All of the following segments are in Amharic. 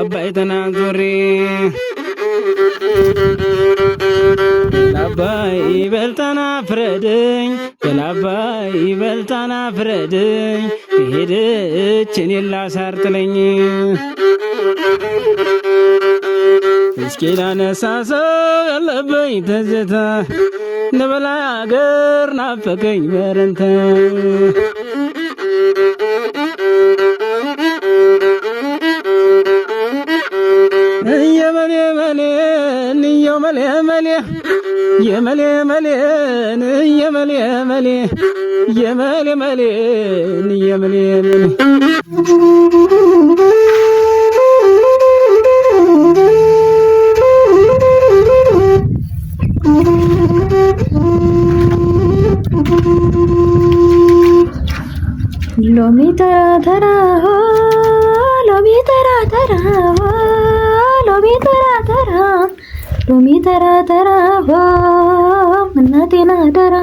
አባይተና ዞሬ ገላባይ በልታና ፍረደኝ ገላባይ በልታና ፍረደኝ ሄደች እኔን ላሳርጥለኝ እስኪ ላነሳ ሰው ያለበኝ ተዘታ ለበላይ አገር ናፈቀኝ በረንተ የመሌ መሌን የመሌ መሌ የመሌ መሌን የመሌ መሌ लोभी तरा तरा हो लोभी तरा तरा हो लोभी तरा तरा लोभी तरा तरा हो मन्ना तेना डरा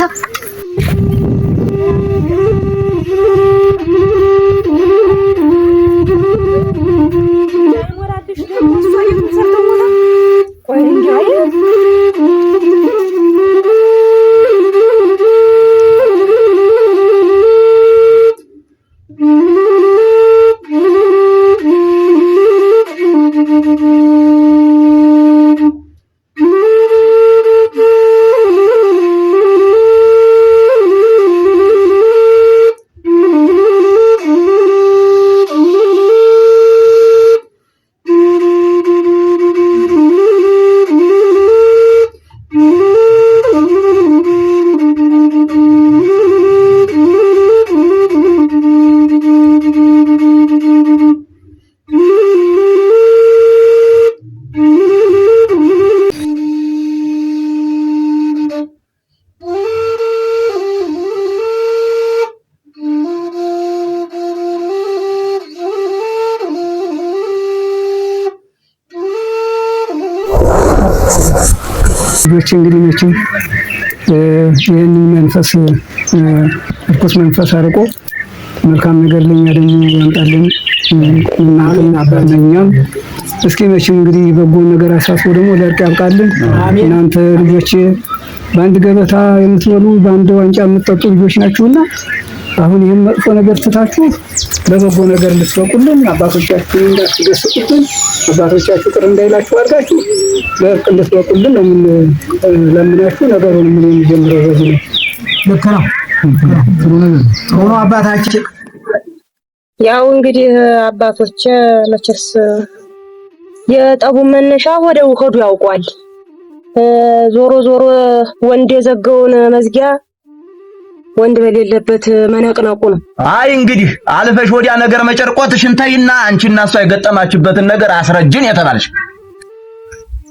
¡Suscríbete! ነገሮች እንግዲህ መቼም ይህንን መንፈስ እርኩስ መንፈስ አርቆ መልካም ነገር ለኛ ደግሞ ያምጣልን እና እስኪ መቼም እንግዲህ በጎን ነገር አሳስቦ ደግሞ ለእርቅ ያብቃልን። እናንተ ልጆች በአንድ ገበታ የምትበሉ በአንድ ዋንጫ የምትጠጡ ልጆች ናችሁና አሁን ይህን መጥፎ ነገር ትታችሁ ለበጎ ነገር እንድትበቁልን አባቶቻችሁ እንዳትገስጡብን አባቶቻችሁ ቅር እንዳይላችሁ አድርጋችሁ በቅ እንድትበቁልን ለምናችሁ ነገሩን ምን የሚጀምረው በዚህ ነው። ልክ ነው። ጥሩ ነው አባታችን። ያው እንግዲህ አባቶች መቼስ የጠቡ መነሻ ወደ ውከዱ ያውቋል። ዞሮ ዞሮ ወንድ የዘጋውን መዝጊያ ወንድ በሌለበት መነቅነቁ ነው። አይ እንግዲህ አልፈሽ ወዲያ ነገር መጨርቆት ሽንታይና አንቺና እሷ የገጠማችበትን ነገር አስረጅን የተባለሽ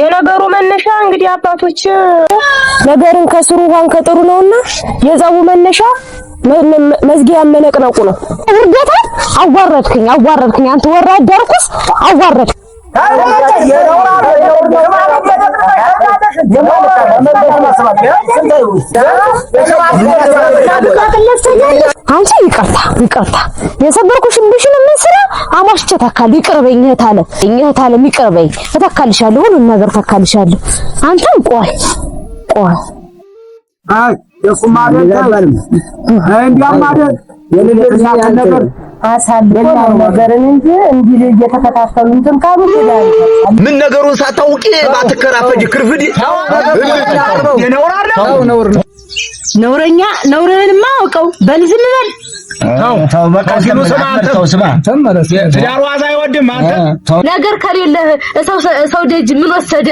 የነገሩ መነሻ እንግዲህ አባቶች ነገርን ከስሩ ውሃን ከጥሩ ነውና የዛው መነሻ መዝጊያ መነቅነቁ ነው። ውርደታ አዋረድክኝ፣ አዋረድክኝ አንተ ወራ ርኩስ አዋረድክ። አንቺ ይቅርታ ይቅርታ የሰበርኩሽ እምብሽን ምን ስራ አሟሽቼ እተካለሁ። ይቅርበኝ እህት አለም እህት አለም ይቅርበኝ፣ እተካልሻለሁ፣ ሁሉን ነገር እተካልሻለሁ። አንተም ቆይ ቆይ አይ ነገር አሳልፎ ነገርን እንጂ እንዲህ እየተከታተሉ እንትን ካሉ ምን ነገሩን ሳታውቂ ባትከራፈጅ ክርፍድ ነውረኛ ነውርህንማ አውቀው በል ዝም በል። ነገር ከሌለህ ሰው ደጅ ምን ወሰደ?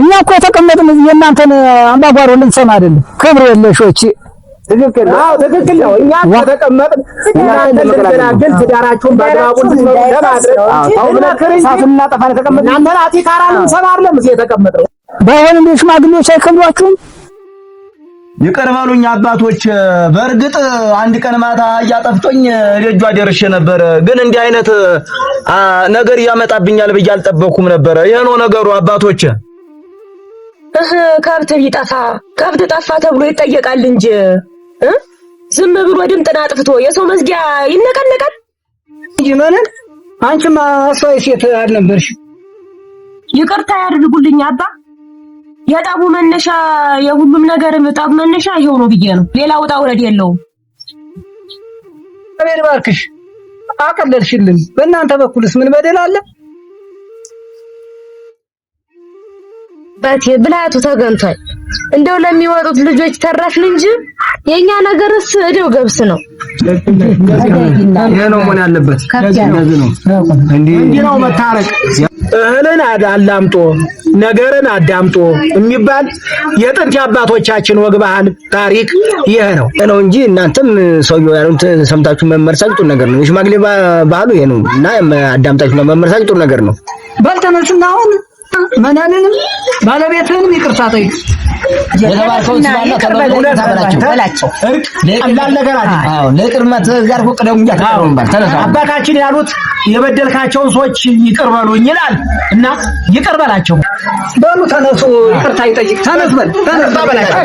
እኛ እኮ የተቀመጥን የእናንተን አምባጓሮ ልንሰማ አይደለም። ክብር የለሾች ትክክል ነው፣ ትክክል ነው። እኛ ከተቀመጥን ትዳራችሁን በአግባቡ ለማድረግ ሽማግሌዎች አይከብዷችሁም? ይቅር በሉኝ አባቶች። በእርግጥ አንድ ቀን ማታ እያጠፍቶኝ ደጇ ደርሼ ነበረ፣ ግን እንዲህ አይነት ነገር ብዬ አልጠበኩም ነበረ። ነው ነገሩ አባቶች። ከብት ቢጠፋ ከብት ጠፋ ተብሎ ይጠየቃል እንጂ ዝም ብሎ ድምጥን አጥፍቶ የሰው መዝጊያ ይነቀነቃል እንጂ ማለት አንቺማ አስተዋይ ሴት አልነበርሽ። ይቅርታ ያድርጉልኝ አባ፣ የጠቡ መነሻ የሁሉም ነገር ጠብ መነሻ ይሄው ነው ብዬ ነው። ሌላ ውጣ ውረድ የለውም። እግዚአብሔር ባርክሽ፣ አቀለልሽልን። በእናንተ በኩልስ ምን በደል አለ? አባቴ ብላቱ ተገንቷል። እንደው ለሚወጡት ልጆች ተረፍን እንጂ የኛ ነገርስ እደው ገብስ ነው። ይሄ ነው ምን ያለበት። እንደዚህ ነው እንዴ ነው መታረቅ። እህልን አላምጦ ነገርን አዳምጦ የሚባል የጥንት አባቶቻችን ወግ፣ ባህል፣ ታሪክ ይሄ ነው ነው እንጂ እናንተም ሰውየው ያሉት ሰምታችሁ መመርሳቅ ጥሩ ነገር ነው። ሽማግሌ ባህሉ ይሄ ነው እና አዳምጣችሁ መመርሳቅ ጥሩ ነገር ነው። በልተነስና አሁን መናንንም ባለቤትህንም ይቅርታ ጠይቅ። አባታችን ያሉት የበደልካቸውን ሰዎች ይቅር በሉኝ ይላል እና ይቅር በላቸው በሉ። ተነሱ ይቅርታ ይጠይቅ። ተነስ በል ተነስ በላቸው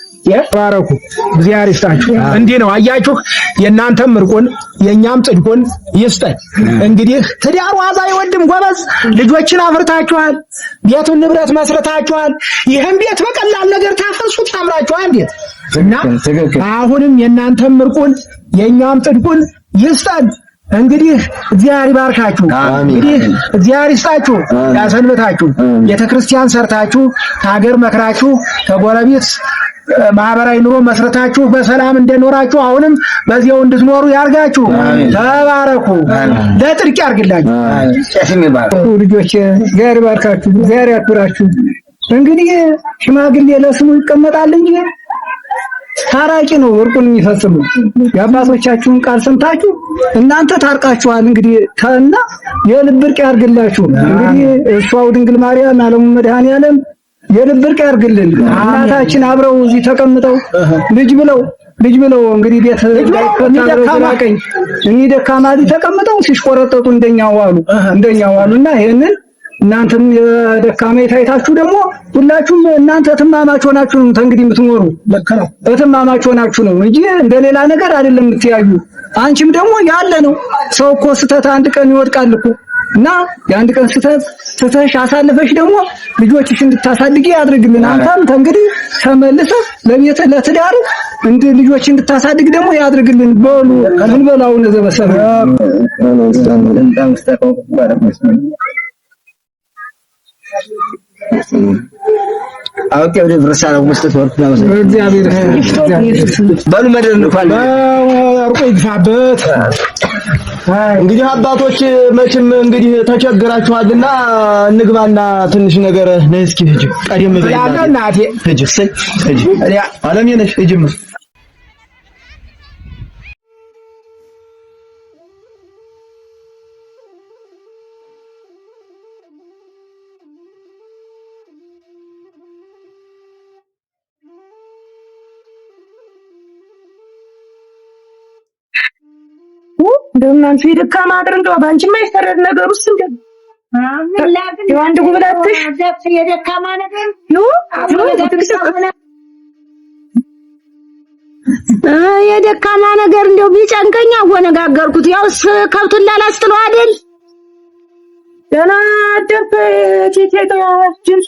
ባረኩ። እግዚአብሔር ይስጣችሁ። እንዲህ ነው አያችሁ፣ የእናንተም እርቁን የእኛም ጽድቁን ይስጠን። እንግዲህ ትዳር ዋዛ አይወድም። ጎበዝ ልጆችን አፍርታችኋል፣ ቤቱን ንብረት መስረታችኋል። ይህም ቤት በቀላል ነገር ታፈርሱት ታምራችኋል እንዴት እና አሁንም የእናንተም እርቁን የእኛም ጽድቁን ይስጠን። እንግዲህ እግዚአብሔር ይባርካችሁ። እንግዲህ እግዚአብሔር ይስጣችሁ፣ ያሰንብታችሁ። ቤተ ሰርታችሁ ከሀገር መክራችሁ ከጎረቤት ማህበራዊ ኑሮ መስረታችሁ በሰላም እንደኖራችሁ አሁንም በዚያው እንድትኖሩ ያርጋችሁ። ተባረኩ፣ ለጥርቅ ያርግላችሁ። ልጆች እግዚአብሔር ይባርካችሁ፣ እግዚአብሔር ያክብራችሁ። እንግዲህ ሽማግሌ ለስሙ ይቀመጣል እንጂ ታራቂ ነው እርቁን የሚፈጽሙ። የአባቶቻችሁን ቃል ሰምታችሁ እናንተ ታርቃችኋል። እንግዲህ ተና የልብ እርቅ ያርግላችሁ። እንግዲህ እሷው ድንግል ማርያም አለሙ መድኃኔ የልብር ያርግልን። እናታችን አብረው እዚህ ተቀምጠው ልጅ ብለው ልጅ ብለው እንግዲህ ቤት ቀኝ እኒ ደካማ እዚህ ተቀምጠው ሲሽቆረጠጡ እንደኛው ዋሉ እንደኛው ዋሉ እና ይሄንን እናንተም የደካማ የታይታችሁ ደግሞ ሁላችሁም እናንተ እትማማች ሆናችሁ ነው እንግዲህ የምትኖሩ። እትማማች ሆናችሁ ነው እንጂ እንደሌላ ነገር አይደለም የምትያዩ። አንቺም ደግሞ ያለ ነው ሰው እኮ ስተት አንድ ቀን ይወድቃል እኮ እና የአንድ ቀን ስተት ስተሽ አሳልፈሽ ደግሞ ልጆችሽ እንድታሳድጊ ያድርግልን። አንተም ከእንግዲህ ተመልሰህ ለቤት ለትዳር እንድ ልጆች እንድታሳድግ ደግሞ ያድርግልን። በሉ ምን በላው ነው ለዘበሰበ አውቄው ድረስ ነው መስጠት ወርኩ ነው መሰለኝ። እግዚአብሔር በሉ መድረን እንኳን አርቆ ይግፋበት። እንግዲህ አባቶች መቼም እንግዲህ ተቸግራችኋልና እንግባና ትንሽ ነገር ነስኪ እስኪ ሂጂ። ቀደም በይ እናቴ ሂጂ። እሰይ ሂጂ። አለም የነሽ ሂጂማ እንደናንቺ የደካማ አጥር እንደው ባንቺ የማይፈረድ ነገር ውስጥ እንደው እንደ የወንድ ጉብላትሽ የደካማ ነገር የደካማ ነገር እንደው ቢጨንቀኝ አወነጋገርኩት። ያው ከብቱን ላላስጥለው አይደል ደህና አደርክ ቴቴ ጅንሱ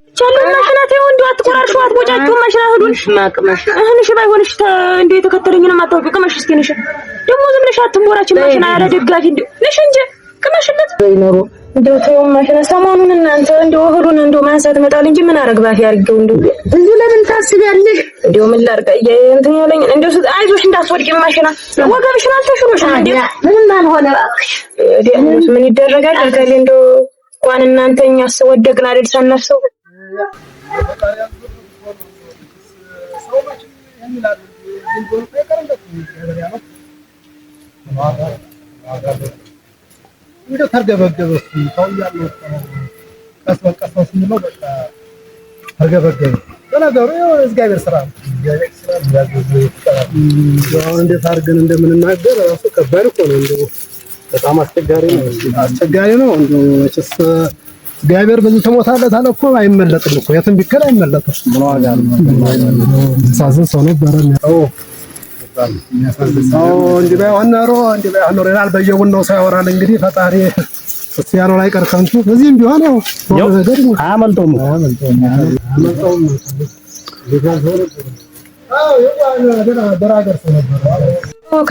ቸልም መሽናት ይሁን እንደው አትቆራርሹ፣ አትቦጫጩ። መሽናት ሁሉ ሽማቅ መሽናት እህንሽ ባይሆንሽ እንደው ነው ማጣው ቅመሽ እስኪ ንሽ ደግሞ ዝም ብለሽ አትሞራችን። መሽና ያለ ደጋፊ እንደው ንሽ እንጂ ቅመሽለት ኖሮ እንደው ተው መሽና ሰሞኑን እናንተ እንደው እህሉን እንደው ማንሳት መጣል እንጂ ምን አረግ ባፊ አርገው እንደው ብዙ ለምን ታስቢያለሽ? እንደው ምን ላርቀ እንትን ያለኝ እንደው አይዞሽ እንዳትወድቂ። መሽና ወገብሽን አልተሽሎሽ እንደው ምንም አልሆነ እባክሽ። ምን ይደረጋል? ከሌ እንደው እንኳን እናንተኛ ወደቅን አይደል ሳናፍሰው እንደው ተርገበገበ ሰው እያለ ቀስ በቀስ ነው ስንለው በቃ ተርገበገበ። በነገሩ እግዚአብሔር ስራ ነው። እንዴት አድርገን እንደምንናገር ራሱ ከባድ እኮ ነው። በጣም አስቸጋሪ ነው፣ አስቸጋሪ ነው። እግዚአብሔር በዚህ ተሞታለት አለ እኮ አይመለጥም እኮ የትም ቢከል አይመለጥም። ሳዝን ሰው ነበረ እንዲህ ባይሆን ኖሮ እንዲህ ባይሆን ኖሮ ይላል። በየቡን ነው ሰው ያወራል። እንግዲህ ፈጣሪ እሱ ያለው ላይ ቀር ከንቱ በዚህም ቢሆን ያው አያመልጠውም አያመልጠውም።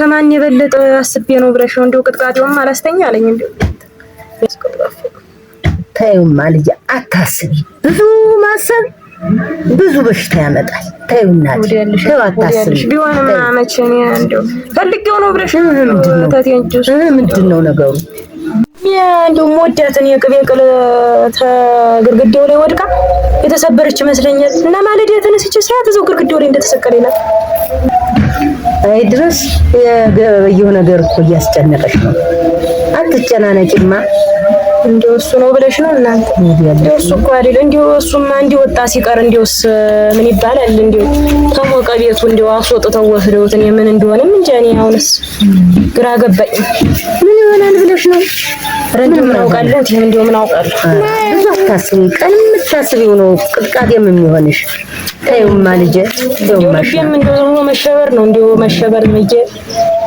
ከማን የበለጠ አስቤ ነው ብለሽ ነው? እንዲሁ ቅጥቃጤውም አላስተኛ አለኝ እንዲሁ ተይውማ ልጅ አታስቢ። ብዙ ማሰብ ብዙ በሽታ ያመጣል። ተይውና ተይው አታስቢ። ቢሆንም አመቸን እንደው ፈልጌው ነው ብለሽ ምንድን ነው ነገሩ? እንደው የምወዳትን የቅቤ ቅል ግርግዳው ላይ ወድቃ የተሰበረች ይመስለኛል። እና ማለዳ ተነስቼ ሰዓት እዛው ግርግዳው ላይ እንደተሰቀለ ይላል። አይ ድረስ የገበየው ነገር እኮ እያስጨነቀች ነው። አትጨናነቂማ እንደው እሱ ነው ብለሽ ነው እናንተ? እንደው እሱ እኮ አይደል እንደው እሱማ እንደው ወጣ ሲቀር እንደውስ ምን ይባላል? እንደው ተሞቀ ቤቱ እንደው አስወጥተው ወስደውት እኔ ምን እንደሆነም እንጃ። እኔ አሁንስ ግራ ገባኝ። ምን ይሆናል ብለሽ ነው? ኧረ እንደው ምን አውቃለሁ፣ ይሄን እንደው ምን አውቃለሁ የምታስቢ ቀን የምታስቢው ነው ቅጥቃጤም የሚሆንሽ። ተይውማ ልጄ ተይውማ። እንደው መሸበር ነው እንደው መሸበር ልጄ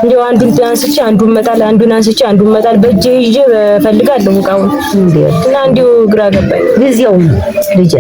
እንደው አንዱን አንስቼ አንዱን መጣል አንዱን አንስቼ አንዱን መጣል በእጄ ይዤ እፈልጋለሁ እቃውን እና እንደው ግራ ገባኝ ጊዜው ልጄ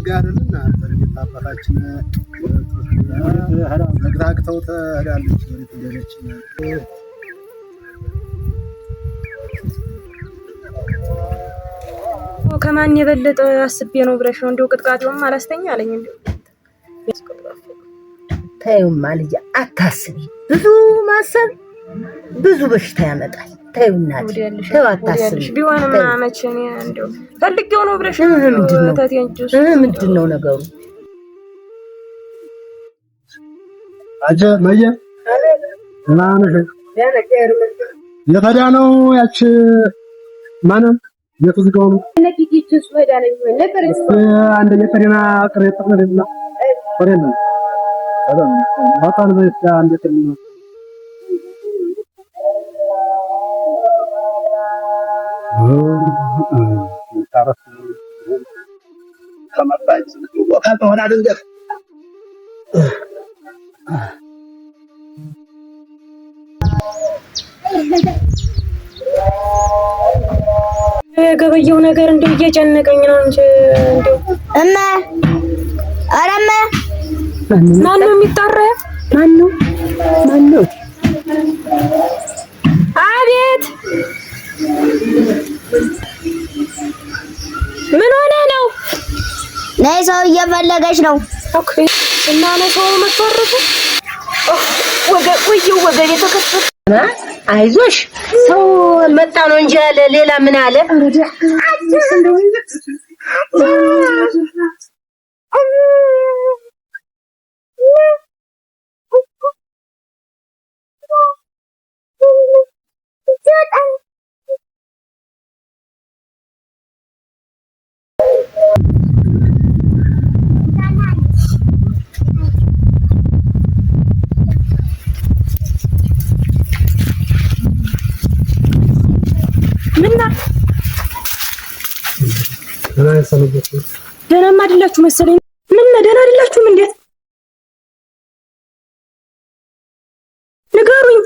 ስጋ አይደልና አባታችን ከማን የበለጠ አስቤ ነው ብለሽ ነው? እንደው ቅጥቃጤውም አላስተኛ አለኝ። ተይውማ ልጄ አታስቢ። ብዙ ማሰብ ብዙ በሽታ ያመጣል። ተይው እናት ተይው አታስቢ። ቢሆንም መቼም እንደው ፈልጌው ነው ብለሽ ምንድን ነው ነገሩ? አጀ መየ ደህና የፈዳ ነው ያች ማንም የትዝጋው ነው አንድ የፈሪና ቅሬታ ነው ተመራጭ የገበየው ነገር እንደው እየጨነቀኝ ነው እንጂ እንደው እማ ኧረ እማ ማን ነው የሚጠራ? ማን ነው አቤት ነይ ሰው እየፈለገች ነው። ኦኬ እና ነው ሰው ወገ አይዞሽ ሰው መጣ ነው እንጂ አለ ሌላ ምን አለ? ደህናማ አይደላችሁ መሰለኝ። ምን ደህና አይደላችሁም? እንዴት ንገሩኝ።